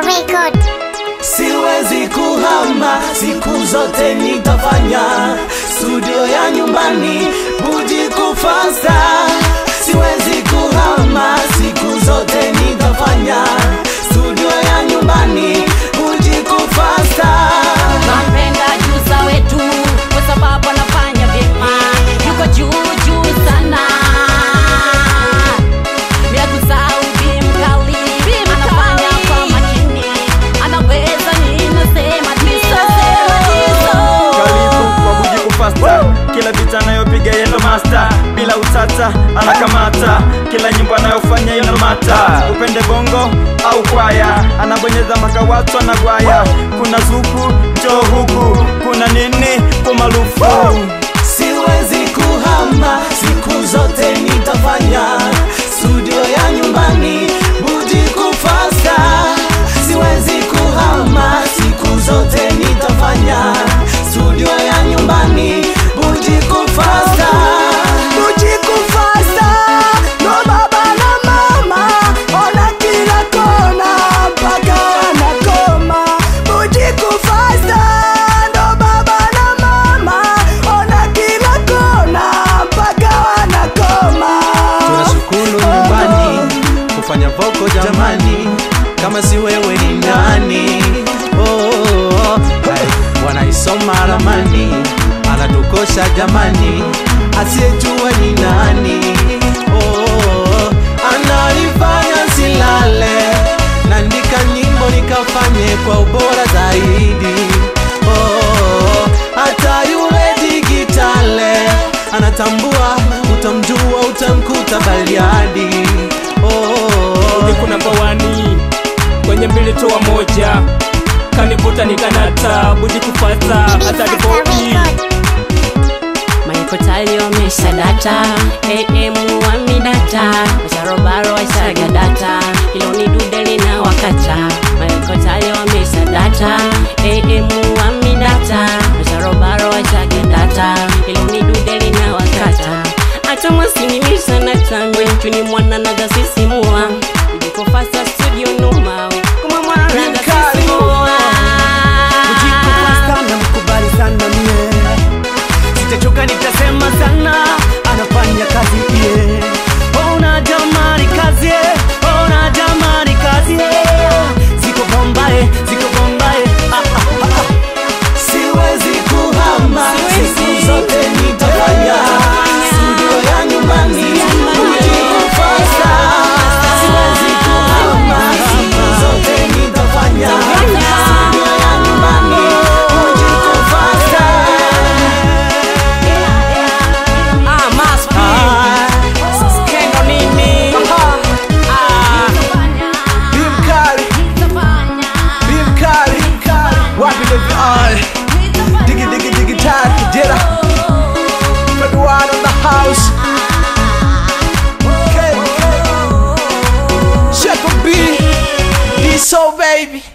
Bora Record. Siwezi kuhama, siku zote nitafanya studio ya nyumbani, buji kufasta. Siwezi kuhama, siku zote nitafanya anamata anakamata, kila nyimbo anayofanya inamata. Upende bongo au kwaya, anabonyeza makawatu anagwaya. Kuna zuku, cho huku, kuna nini kuma Voko jamani, kama si wewe ni nani? Oh, wanaisoma ramani, anatukosha jamani, asiyejua ni nani? Oh, Anaifanya silale, naandika nyimbo nikafanye kwa ubora zaidi. Oh, hata yule digitale anatambua, utamjua, utamkuta Baliadi yako namba wani kwenye mbili toa moja kanivuta nikanata budi kufata hatari boi maipotalio mesha data am wami data masharobaro waishaga data iloni dudeli na wakata maipotalio mesha data am wami data masharobaro waishaga data iloni dudeli na wakata atamwasinimisa natambe chuni mwana nagasisi baby.